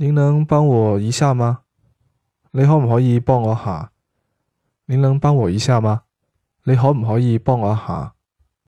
你能幫我一下嗎？你可唔可以幫我下？你能幫我一下嗎？你可唔可以幫我下？